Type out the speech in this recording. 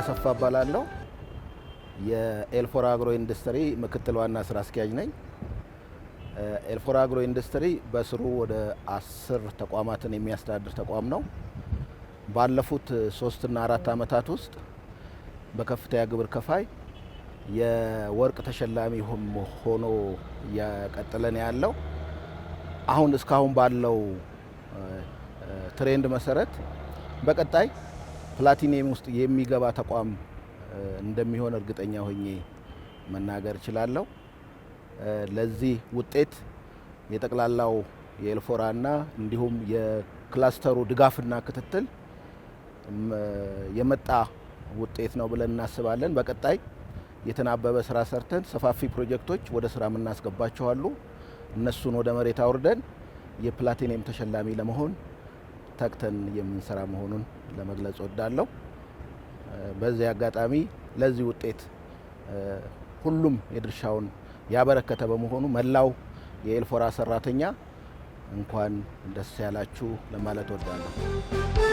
አሰፋ እባላለሁ። የኤልፎራ አግሮ ኢንዱስትሪ ምክትል ዋና ስራ አስኪያጅ ነኝ። ኤልፎራ አግሮ ኢንዱስትሪ በስሩ ወደ አስር ተቋማትን የሚያስተዳድር ተቋም ነው። ባለፉት ሶስትና አራት አመታት ውስጥ በከፍተኛ ግብር ከፋይ የወርቅ ተሸላሚ ሆኖ እየቀጠለ ያለው። አሁን እስካሁን ባለው ትሬንድ መሰረት በቀጣይ ፕላቲኒየም ውስጥ የሚገባ ተቋም እንደሚሆን እርግጠኛ ሆኜ መናገር እችላለሁ። ለዚህ ውጤት የጠቅላላው የኤልፎራና እንዲሁም የክላስተሩ ድጋፍና ክትትል የመጣ ውጤት ነው ብለን እናስባለን። በቀጣይ የተናበበ ስራ ሰርተን ሰፋፊ ፕሮጀክቶች ወደ ስራ የምናስገባቸዋሉ። እነሱን ወደ መሬት አውርደን የፕላቲኒየም ተሸላሚ ለመሆን ተግተን የምንሰራ መሆኑን ለመግለጽ ወዳለሁ። በዚህ አጋጣሚ ለዚህ ውጤት ሁሉም የድርሻውን ያበረከተ በመሆኑ መላው የኤልፎራ ሰራተኛ እንኳን ደስ ያላችሁ ለማለት ወዳለሁ።